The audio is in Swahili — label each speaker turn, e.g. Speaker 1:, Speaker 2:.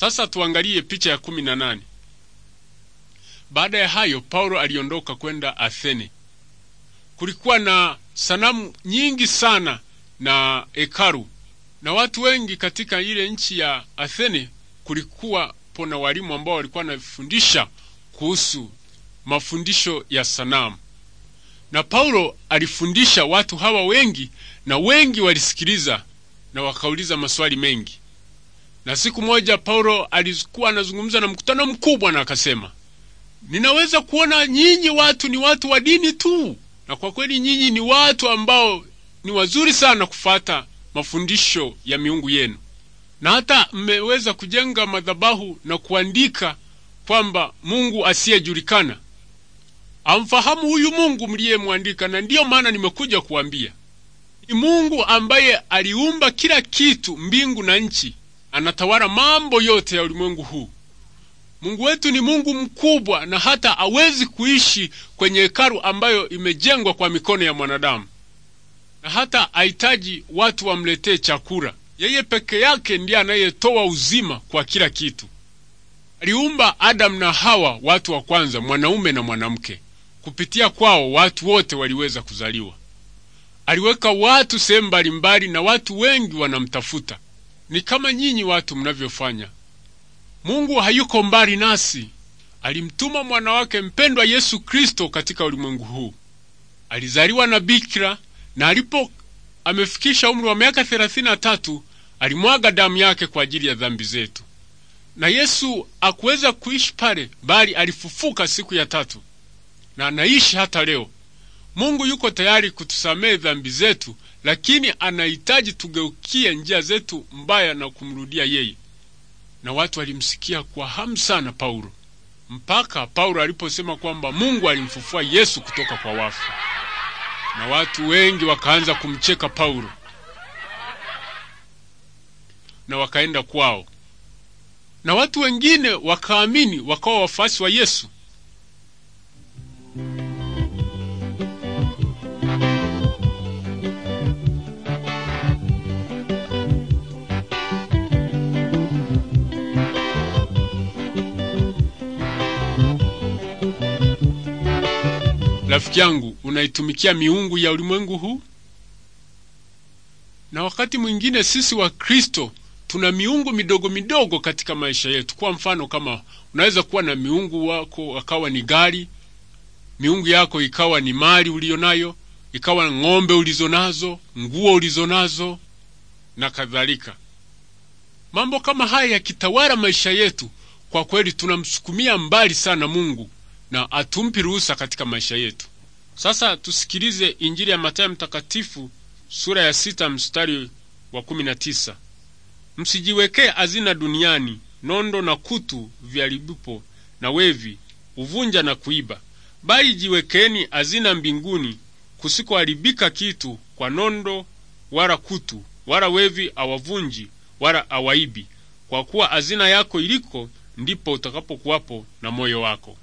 Speaker 1: Sasa tuangalie picha ya kumi na nane. Baada ya hayo Paulo aliondoka kwenda Athene. Kulikuwa na sanamu nyingi sana na hekalu, na watu wengi katika ile nchi ya Athene. Kulikuwa pona walimu ambao walikuwa wanafundisha kuhusu mafundisho ya sanamu, na Paulo alifundisha watu hawa wengi, na wengi walisikiliza na wakauliza maswali mengi. Na siku moja Paulo alikuwa anazungumza na mkutano mkubwa, na akasema, ninaweza kuona nyinyi watu ni watu wa dini tu, na kwa kweli nyinyi ni watu ambao ni wazuri sana kufata mafundisho ya miungu yenu, na hata mmeweza kujenga madhabahu na kuandika kwamba Mungu asiyejulikana amfahamu huyu Mungu mliyemwandika. Na ndiyo maana nimekuja kuambia ni Mungu ambaye aliumba kila kitu, mbingu na nchi anatawala mambo yote ya ulimwengu huu. Mungu wetu ni Mungu mkubwa, na hata awezi kuishi kwenye hekalu ambayo imejengwa kwa mikono ya mwanadamu, na hata ahitaji watu wamletee chakula. Yeye peke yake ndiye anayetoa uzima kwa kila kitu. Aliumba Adamu na Hawa, watu wa kwanza, mwanaume na mwanamke. Kupitia kwao watu wote waliweza kuzaliwa. Aliweka watu sehemu mbalimbali, na watu wengi wanamtafuta ni kama nyinyi watu mnavyofanya. Mungu hayuko mbali nasi. Alimtuma mwana wake mpendwa Yesu Kristo katika ulimwengu huu. Alizaliwa na bikira, na alipo amefikisha umri wa miaka thelathini na tatu alimwaga damu yake kwa ajili ya dhambi zetu. Na Yesu akuweza kuishi pale, bali alifufuka siku ya tatu na anaishi hata leo. Mungu yuko tayari kutusamehe dhambi zetu, lakini anahitaji tugeukie njia zetu mbaya na kumrudia yeye. Na watu walimsikia kwa hamu sana Paulo, mpaka Paulo aliposema kwamba Mungu alimfufua Yesu kutoka kwa wafu, na watu wengi wakaanza kumcheka Paulo na wakaenda kwao, na watu wengine wakaamini, wakawa wafuasi wa Yesu. Rafiki yangu, unaitumikia miungu ya ulimwengu huu? Na wakati mwingine sisi wa Kristo tuna miungu midogo midogo katika maisha yetu. Kwa mfano, kama unaweza kuwa na miungu wako akawa ni gari, miungu yako ikawa ni mali nayo ikawa ng'ombe ulizonazo, nguo ulizonazo na kadhalika. Mambo kama haya yakitawala maisha yetu, kwa kweli tunamsukumia mbali sana Mungu na atumpi ruhusa katika maisha yetu. Sasa tusikilize Injili ya Mathayo Mtakatifu sura ya sita mstari wa kumi na tisa msijiwekee azina duniani, nondo na kutu vyaribipo na wevi uvunja na kuiba, bali jiwekeni azina mbinguni, kusikoharibika kitu kwa nondo wala kutu wala wevi awavunji wala awaibi, kwa kuwa azina yako iliko ndipo utakapokuwapo na moyo wako.